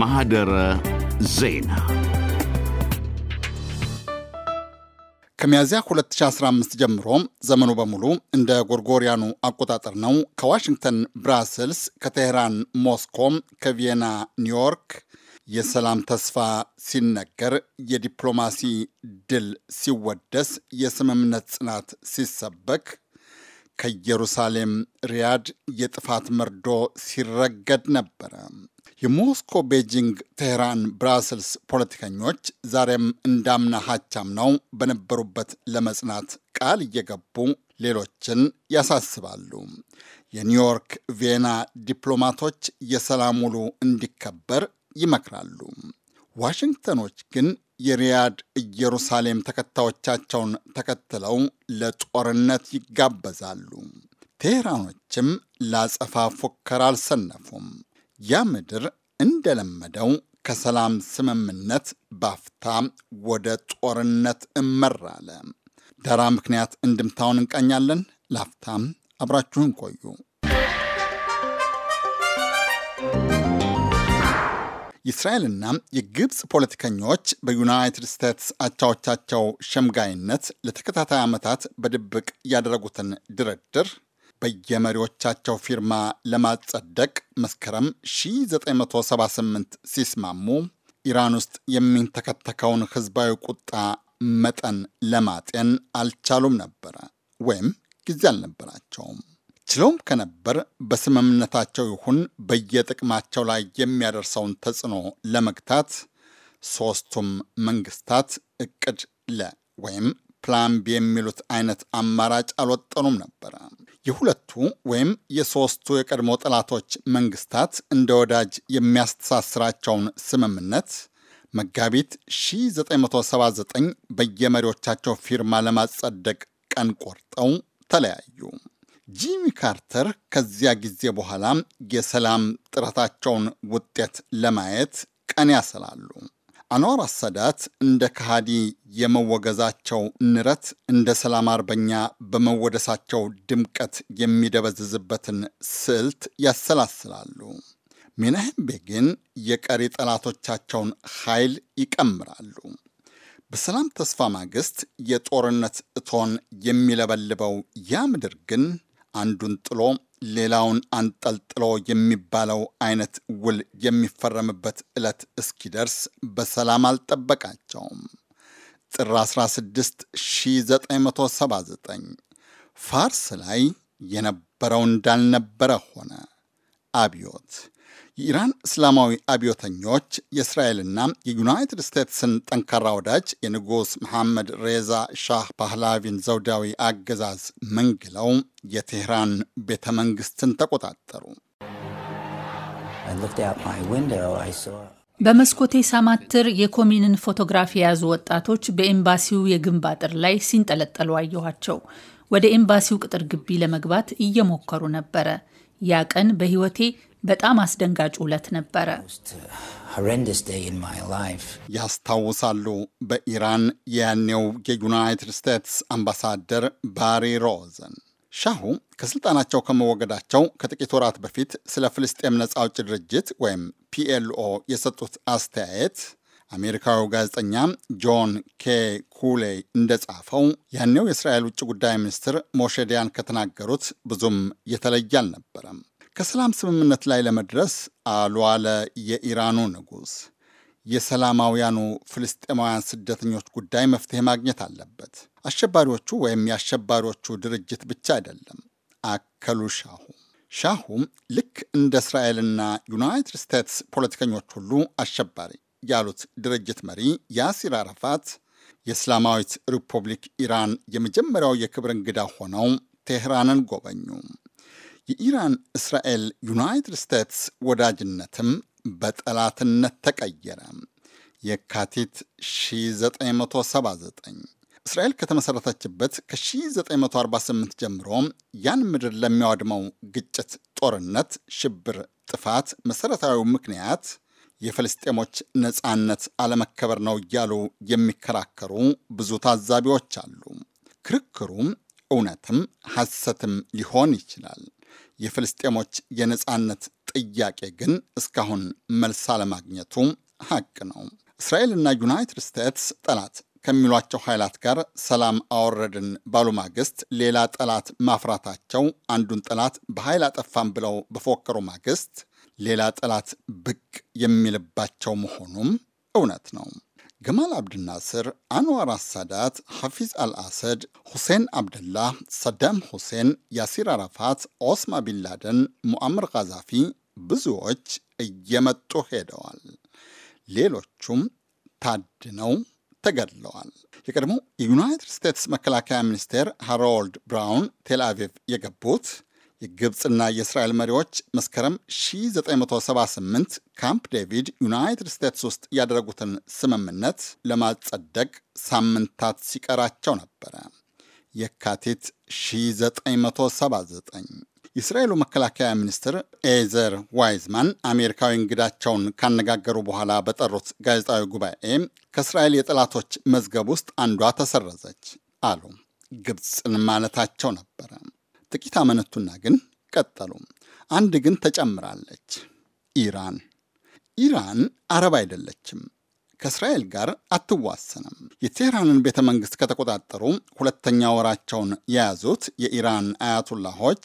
ማህደረ ዜና ከሚያዚያ 2015 ጀምሮ ዘመኑ በሙሉ እንደ ጎርጎሪያኑ አቆጣጠር ነው። ከዋሽንግተን ብራስልስ፣ ከቴህራን ሞስኮም፣ ከቪየና ኒውዮርክ የሰላም ተስፋ ሲነገር፣ የዲፕሎማሲ ድል ሲወደስ፣ የስምምነት ጽናት ሲሰበክ ከኢየሩሳሌም ሪያድ የጥፋት መርዶ ሲረገድ ነበረ። የሞስኮ፣ ቤጂንግ፣ ቴህራን፣ ብራስልስ ፖለቲከኞች ዛሬም እንዳምና ሀቻም ነው በነበሩበት ለመጽናት ቃል እየገቡ ሌሎችን ያሳስባሉ። የኒውዮርክ፣ ቪየና ዲፕሎማቶች የሰላም ውሉ እንዲከበር ይመክራሉ። ዋሽንግተኖች ግን የሪያድ ኢየሩሳሌም ተከታዮቻቸውን ተከትለው ለጦርነት ይጋበዛሉ። ቴህራኖችም ላጸፋ ፉከራ አልሰነፉም። ያ ምድር እንደለመደው ከሰላም ስምምነት ባፍታ ወደ ጦርነት እመራለ ዳራ ምክንያት እንድምታውን እንቃኛለን። ላፍታም አብራችሁን ቆዩ። የእስራኤልና የግብፅ ፖለቲከኞች በዩናይትድ ስቴትስ አቻዎቻቸው ሸምጋይነት ለተከታታይ ዓመታት በድብቅ ያደረጉትን ድርድር በየመሪዎቻቸው ፊርማ ለማጸደቅ መስከረም 1978 ሲስማሙ ኢራን ውስጥ የሚንተከተከውን ህዝባዊ ቁጣ መጠን ለማጤን አልቻሉም ነበረ ወይም ጊዜ አልነበራቸውም። ችለውም ከነበር በስምምነታቸው ይሁን በየጥቅማቸው ላይ የሚያደርሰውን ተጽዕኖ ለመግታት ሶስቱም መንግስታት እቅድ ለ ወይም ፕላን ቢ የሚሉት አይነት አማራጭ አልወጠኑም ነበረ። የሁለቱ ወይም የሶስቱ የቀድሞ ጠላቶች መንግስታት እንደ ወዳጅ የሚያስተሳስራቸውን ስምምነት መጋቢት 1979 በየመሪዎቻቸው ፊርማ ለማጸደቅ ቀን ቆርጠው ተለያዩ። ጂሚ ካርተር ከዚያ ጊዜ በኋላ የሰላም ጥረታቸውን ውጤት ለማየት ቀን ያሰላሉ። አንዋር አሰዳት እንደ ከሃዲ የመወገዛቸው ንረት እንደ ሰላም አርበኛ በመወደሳቸው ድምቀት የሚደበዝዝበትን ስልት ያሰላስላሉ። ሜናሄም ቤጊን የቀሪ ጠላቶቻቸውን ኃይል ይቀምራሉ። በሰላም ተስፋ ማግስት የጦርነት እቶን የሚለበልበው ያ ምድር ግን አንዱን ጥሎ ሌላውን አንጠልጥሎ የሚባለው አይነት ውል የሚፈረምበት ዕለት እስኪደርስ በሰላም አልጠበቃቸውም። ጥር 16 1979 ፋርስ ላይ የነበረው እንዳልነበረ ሆነ። አብዮት የኢራን እስላማዊ አብዮተኞች የእስራኤልና የዩናይትድ ስቴትስን ጠንካራ ወዳጅ የንጉሥ መሐመድ ሬዛ ሻህ ባህላቪን ዘውዳዊ አገዛዝ መንግለው የቴህራን ቤተ መንግስትን ተቆጣጠሩ። በመስኮቴ ሳማትር የኮሚንን ፎቶግራፍ የያዙ ወጣቶች በኤምባሲው የግንብ አጥር ላይ ሲንጠለጠሉ አየኋቸው። ወደ ኤምባሲው ቅጥር ግቢ ለመግባት እየሞከሩ ነበረ። ያ ቀን በሕይወቴ በጣም አስደንጋጭ ዕለት ነበረ። uh, ያስታውሳሉ በኢራን የያኔው የዩናይትድ ስቴትስ አምባሳደር ባሪ ሮዘን። ሻሁ ከስልጣናቸው ከመወገዳቸው ከጥቂት ወራት በፊት ስለ ፍልስጤም ነፃ አውጪ ድርጅት ወይም ፒኤልኦ የሰጡት አስተያየት አሜሪካዊ ጋዜጠኛ ጆን ኬ ኩሌ እንደጻፈው ያኔው የእስራኤል ውጭ ጉዳይ ሚኒስትር ሞሸዲያን ከተናገሩት ብዙም የተለየ አልነበረም። ከሰላም ስምምነት ላይ ለመድረስ አሉ አለ የኢራኑ ንጉሥ፣ የሰላማውያኑ ፍልስጤማውያን ስደተኞች ጉዳይ መፍትሄ ማግኘት አለበት። አሸባሪዎቹ ወይም የአሸባሪዎቹ ድርጅት ብቻ አይደለም አከሉ ሻሁ። ሻሁም ልክ እንደ እስራኤልና ዩናይትድ ስቴትስ ፖለቲከኞች ሁሉ አሸባሪ ያሉት ድርጅት መሪ ያሲር አረፋት የእስላማዊት ሪፑብሊክ ኢራን የመጀመሪያው የክብር እንግዳ ሆነው ቴህራንን ጎበኙም። የኢራን እስራኤል፣ ዩናይትድ ስቴትስ ወዳጅነትም በጠላትነት ተቀየረ። የካቲት 1979 እስራኤል ከተመሠረተችበት ከ1948 ጀምሮ ያን ምድር ለሚያወድመው ግጭት፣ ጦርነት፣ ሽብር፣ ጥፋት መሠረታዊ ምክንያት የፍልስጤሞች ነፃነት አለመከበር ነው እያሉ የሚከራከሩ ብዙ ታዛቢዎች አሉ። ክርክሩም እውነትም ሐሰትም ሊሆን ይችላል። የፍልስጤሞች የነፃነት ጥያቄ ግን እስካሁን መልስ አለማግኘቱ ሀቅ ነው። እስራኤልና ዩናይትድ ስቴትስ ጠላት ከሚሏቸው ኃይላት ጋር ሰላም አወረድን ባሉ ማግስት ሌላ ጠላት ማፍራታቸው አንዱን ጠላት በኃይል አጠፋም ብለው በፎከሩ ማግስት ሌላ ጠላት ብቅ የሚልባቸው መሆኑም እውነት ነው። ገማል አብድናስር፣ አንዋር አሳዳት፣ ሐፊዝ አልአሰድ፣ ሁሴን አብደላህ፣ ሰዳም ሁሴን፣ ያሲር አረፋት ኦስማ ቢንላደን፣ ሙአምር ቃዛፊ ብዙዎች እየመጡ ሄደዋል። ሌሎቹም ታድነው ተገድለዋል። የቀድሞው የዩናይትድ ስቴትስ መከላከያ ሚኒስቴር ሃሮልድ ብራውን ቴል የገቡት የግብፅና የእስራኤል መሪዎች መስከረም 1978 ካምፕ ዴቪድ ዩናይትድ ስቴትስ ውስጥ ያደረጉትን ስምምነት ለማጸደቅ ሳምንታት ሲቀራቸው ነበረ። የካቲት 1979 የእስራኤሉ መከላከያ ሚኒስትር ኤዘር ዋይዝማን አሜሪካዊ እንግዳቸውን ካነጋገሩ በኋላ በጠሩት ጋዜጣዊ ጉባኤ ከእስራኤል የጠላቶች መዝገብ ውስጥ አንዷ ተሰረዘች አሉ። ግብፅን ማለታቸው ነበረ። ጥቂት አመነቱና ግን ቀጠሉ። አንድ ግን ተጨምራለች። ኢራን ኢራን አረብ አይደለችም። ከእስራኤል ጋር አትዋሰንም። የቴህራንን ቤተ መንግስት ከተቆጣጠሩ ሁለተኛ ወራቸውን የያዙት የኢራን አያቱላሆች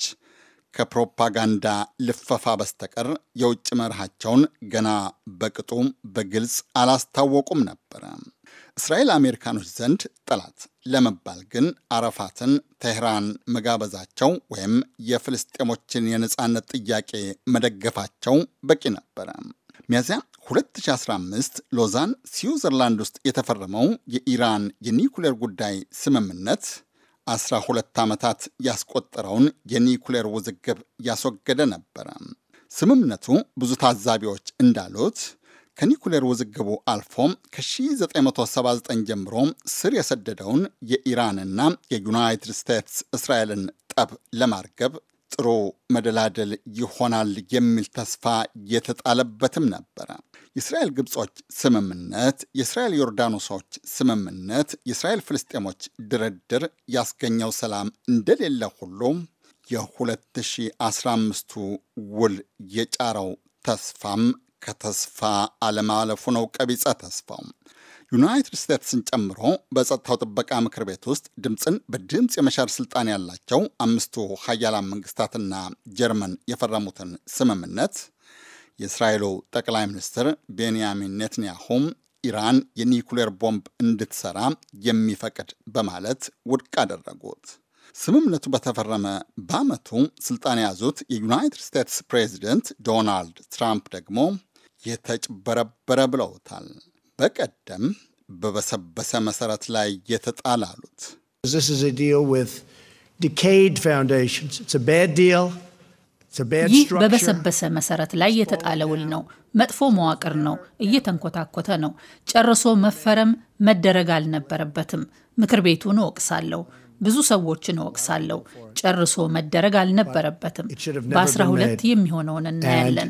ከፕሮፓጋንዳ ልፈፋ በስተቀር የውጭ መርሃቸውን ገና በቅጡ በግልጽ አላስታወቁም ነበረ። እስራኤል አሜሪካኖች ዘንድ ጠላት ለመባል ግን አረፋትን ቴህራን መጋበዛቸው ወይም የፍልስጤሞችን የነፃነት ጥያቄ መደገፋቸው በቂ ነበረ። ሚያዚያ 2015 ሎዛን ስዊዘርላንድ ውስጥ የተፈረመው የኢራን የኒኩሌር ጉዳይ ስምምነት 12 ዓመታት ያስቆጠረውን የኒኩሌር ውዝግብ ያስወገደ ነበረ። ስምምነቱ ብዙ ታዛቢዎች እንዳሉት ከኒኩሌር ውዝግቡ አልፎ ከ1979 ጀምሮ ስር የሰደደውን የኢራንና የዩናይትድ ስቴትስ እስራኤልን ጠብ ለማርገብ ጥሩ መደላደል ይሆናል የሚል ተስፋ የተጣለበትም ነበረ። የእስራኤል ግብጾች ስምምነት፣ የእስራኤል ዮርዳኖሶች ስምምነት፣ የእስራኤል ፍልስጤሞች ድርድር ያስገኘው ሰላም እንደሌለ ሁሉ የ2015ቱ ውል የጫረው ተስፋም ከተስፋ አለማለፉ ነው ቀቢጸ ተስፋው። ዩናይትድ ስቴትስን ጨምሮ በጸጥታው ጥበቃ ምክር ቤት ውስጥ ድምፅን በድምፅ የመሻር ስልጣን ያላቸው አምስቱ ሀያላን መንግስታትና ጀርመን የፈረሙትን ስምምነት የእስራኤሉ ጠቅላይ ሚኒስትር ቤንያሚን ኔትንያሁም ኢራን የኒኩሌር ቦምብ እንድትሰራ የሚፈቅድ በማለት ውድቅ አደረጉት። ስምምነቱ በተፈረመ በዓመቱ ስልጣን የያዙት የዩናይትድ ስቴትስ ፕሬዚደንት ዶናልድ ትራምፕ ደግሞ የተጭበረበረ ብለውታል። በቀደም በበሰበሰ መሰረት ላይ የተጣለ አሉት። ይህ በበሰበሰ መሰረት ላይ የተጣለ ውል ነው። መጥፎ መዋቅር ነው። እየተንኮታኮተ ነው። ጨርሶ መፈረም መደረግ አልነበረበትም። ምክር ቤቱን እወቅሳለሁ። ብዙ ሰዎችን እወቅሳለሁ። ጨርሶ መደረግ አልነበረበትም። በ በ12 የሚሆነውን እናያለን።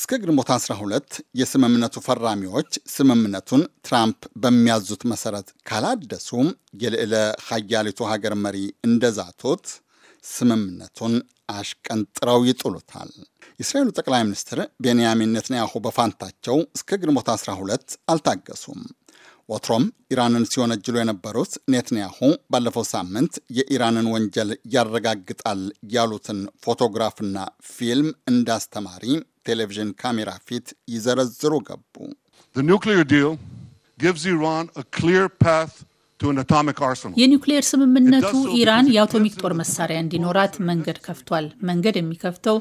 እስከ ግንቦት 12 የስምምነቱ ፈራሚዎች ስምምነቱን ትራምፕ በሚያዙት መሰረት ካላደሱም የልዕለ ሀያሊቱ ሀገር መሪ እንደዛቱት ስምምነቱን አሽቀንጥረው ይጥሉታል። የእስራኤሉ ጠቅላይ ሚኒስትር ቤንያሚን ኔትንያሁ በፋንታቸው እስከ ግንቦት 12 አልታገሱም። ወትሮም ኢራንን ሲወነጅሉ የነበሩት ኔትንያሁ ባለፈው ሳምንት የኢራንን ወንጀል ያረጋግጣል ያሉትን ፎቶግራፍና ፊልም እንዳስተማሪ ቴሌቪዥን ካሜራ ፊት ይዘረዝሩ ገቡ። የኒውክሌር ስምምነቱ ኢራን የአቶሚክ ጦር መሳሪያ እንዲኖራት መንገድ ከፍቷል። መንገድ የሚከፍተው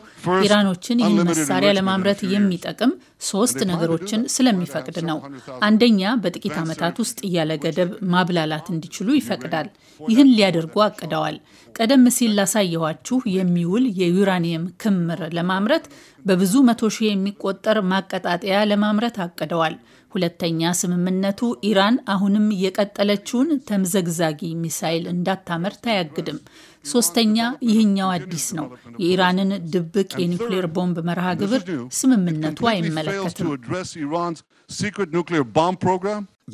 ኢራኖችን ይህን መሳሪያ ለማምረት የሚጠቅም ሶስት ነገሮችን ስለሚፈቅድ ነው። አንደኛ፣ በጥቂት ዓመታት ውስጥ እያለ ገደብ ማብላላት እንዲችሉ ይፈቅዳል። ይህን ሊያደርጉ አቅደዋል። ቀደም ሲል ላሳየኋችሁ የሚውል የዩራኒየም ክምር ለማምረት በብዙ መቶ ሺህ የሚቆጠር ማቀጣጠያ ለማምረት አቅደዋል። ሁለተኛ ስምምነቱ ኢራን አሁንም የቀጠለችውን ተምዘግዛጊ ሚሳይል እንዳታመርት አያግድም። ሶስተኛ ይህኛው አዲስ ነው። የኢራንን ድብቅ የኒውክሌር ቦምብ መርሃ ግብር ስምምነቱ አይመለከትም።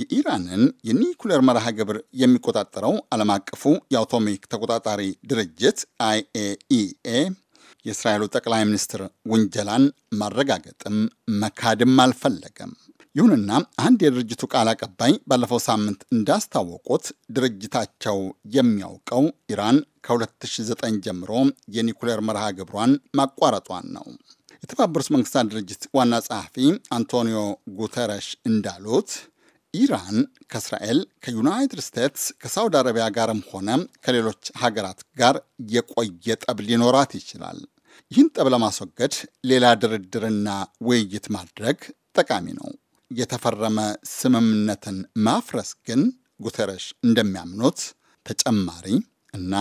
የኢራንን የኒውክሌር መርሃ ግብር የሚቆጣጠረው ዓለም አቀፉ የአቶሚክ ተቆጣጣሪ ድርጅት አይኤኢኤ የእስራኤሉ ጠቅላይ ሚኒስትር ውንጀላን ማረጋገጥም መካድም አልፈለገም። ይሁንና አንድ የድርጅቱ ቃል አቀባይ ባለፈው ሳምንት እንዳስታወቁት ድርጅታቸው የሚያውቀው ኢራን ከ2009 ጀምሮ የኒኩሌር መርሃ ግብሯን ማቋረጧን ነው። የተባበሩት መንግስታት ድርጅት ዋና ጸሐፊ አንቶኒዮ ጉተረሽ እንዳሉት ኢራን ከእስራኤል፣ ከዩናይትድ ስቴትስ፣ ከሳውዲ አረቢያ ጋርም ሆነ ከሌሎች ሀገራት ጋር የቆየ ጠብ ሊኖራት ይችላል። ይህን ጠብ ለማስወገድ ሌላ ድርድርና ውይይት ማድረግ ጠቃሚ ነው። የተፈረመ ስምምነትን ማፍረስ ግን ጉተረሽ እንደሚያምኑት ተጨማሪ እና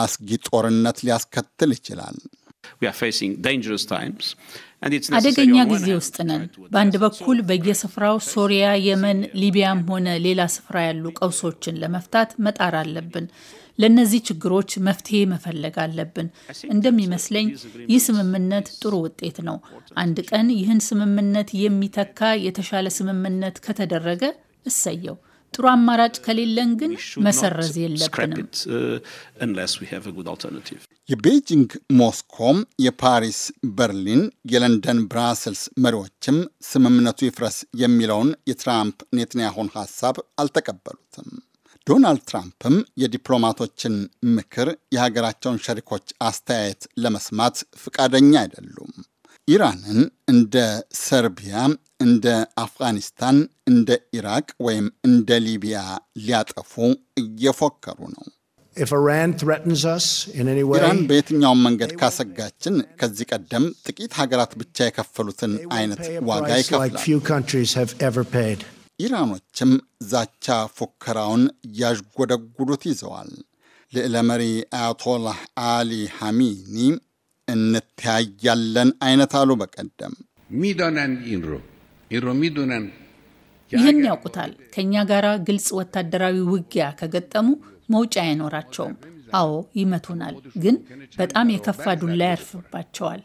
አስጊ ጦርነት ሊያስከትል ይችላል። አደገኛ ጊዜ ውስጥ ነን። በአንድ በኩል በየስፍራው ሶሪያ፣ የመን፣ ሊቢያም ሆነ ሌላ ስፍራ ያሉ ቀውሶችን ለመፍታት መጣር አለብን። ለእነዚህ ችግሮች መፍትሄ መፈለግ አለብን። እንደሚመስለኝ ይህ ስምምነት ጥሩ ውጤት ነው። አንድ ቀን ይህን ስምምነት የሚተካ የተሻለ ስምምነት ከተደረገ እሰየው። ጥሩ አማራጭ ከሌለን ግን መሰረዝ የለብንም። uh, የቤጂንግ ሞስኮም፣ የፓሪስ በርሊን፣ የለንደን ብራስልስ መሪዎችም ስምምነቱ ይፍረስ የሚለውን የትራምፕ ኔትንያሁን ሀሳብ አልተቀበሉትም። ዶናልድ ትራምፕም የዲፕሎማቶችን ምክር፣ የሀገራቸውን ሸሪኮች አስተያየት ለመስማት ፍቃደኛ አይደሉም። ኢራንን እንደ ሰርቢያ፣ እንደ አፍጋኒስታን፣ እንደ ኢራቅ ወይም እንደ ሊቢያ ሊያጠፉ እየፎከሩ ነው። ኢራን በየትኛውም መንገድ ካሰጋችን ከዚህ ቀደም ጥቂት ሀገራት ብቻ የከፈሉትን አይነት ዋጋ ይከፍላል። ኢራኖችም ዛቻ ፉከራውን ያዥጎደጉዱት ይዘዋል። ልዕለ መሪ አያቶላህ አሊ ሐሚኒ እንተያያለን አይነት አሉ። በቀደም ይህን ያውቁታል። ከእኛ ጋር ግልጽ ወታደራዊ ውጊያ ከገጠሙ መውጫ አይኖራቸውም። አዎ ይመቱናል፣ ግን በጣም የከፋ ዱላ ያርፍባቸዋል።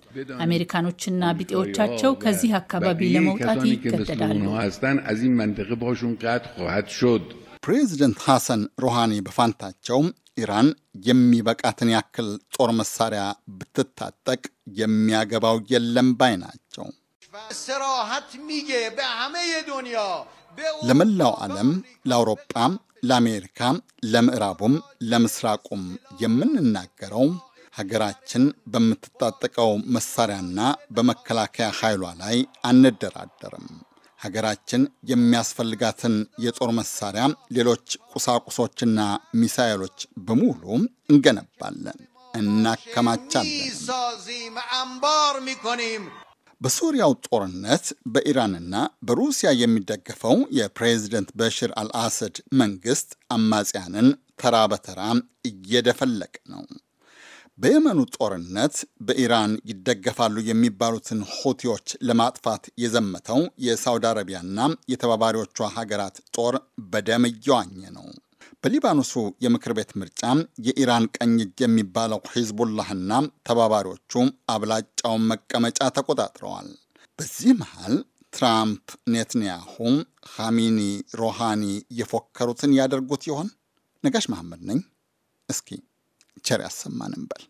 አሜሪካኖችና ቢጤዎቻቸው ከዚህ አካባቢ ለመውጣት ይገደዳሉ። ፕሬዚደንት ሐሰን ሮሃኒ በፋንታቸው ኢራን የሚበቃትን ያክል ጦር መሳሪያ ብትታጠቅ የሚያገባው የለም ባይ ናቸው። ለመላው ዓለም፣ ለአውሮጳ፣ ለአሜሪካም ለምዕራቡም ለምስራቁም የምንናገረው ሀገራችን በምትታጠቀው መሳሪያና በመከላከያ ኃይሏ ላይ አንደራደርም። ሀገራችን የሚያስፈልጋትን የጦር መሳሪያ፣ ሌሎች ቁሳቁሶችና ሚሳይሎች በሙሉ እንገነባለን፣ እናከማቻለን። በሶሪያው ጦርነት በኢራንና በሩሲያ የሚደገፈው የፕሬዝደንት በሽር አልአሰድ መንግስት አማጽያንን ተራ በተራ እየደፈለቀ ነው። በየመኑ ጦርነት በኢራን ይደገፋሉ የሚባሉትን ሁቲዎች ለማጥፋት የዘመተው የሳውዲ አረቢያና የተባባሪዎቿ ሀገራት ጦር በደም እየዋኘ ነው። በሊባኖሱ የምክር ቤት ምርጫ የኢራን ቀኝ እጅ የሚባለው ሂዝቡላህና ተባባሪዎቹ አብላጫውን መቀመጫ ተቆጣጥረዋል። በዚህ መሃል ትራምፕ ኔትንያሁ፣ ሃሚኒ ሮሃኒ የፎከሩትን ያደርጉት ይሆን? ነጋሽ መሐመድ ነኝ። እስኪ ቸር ያሰማን እንበል።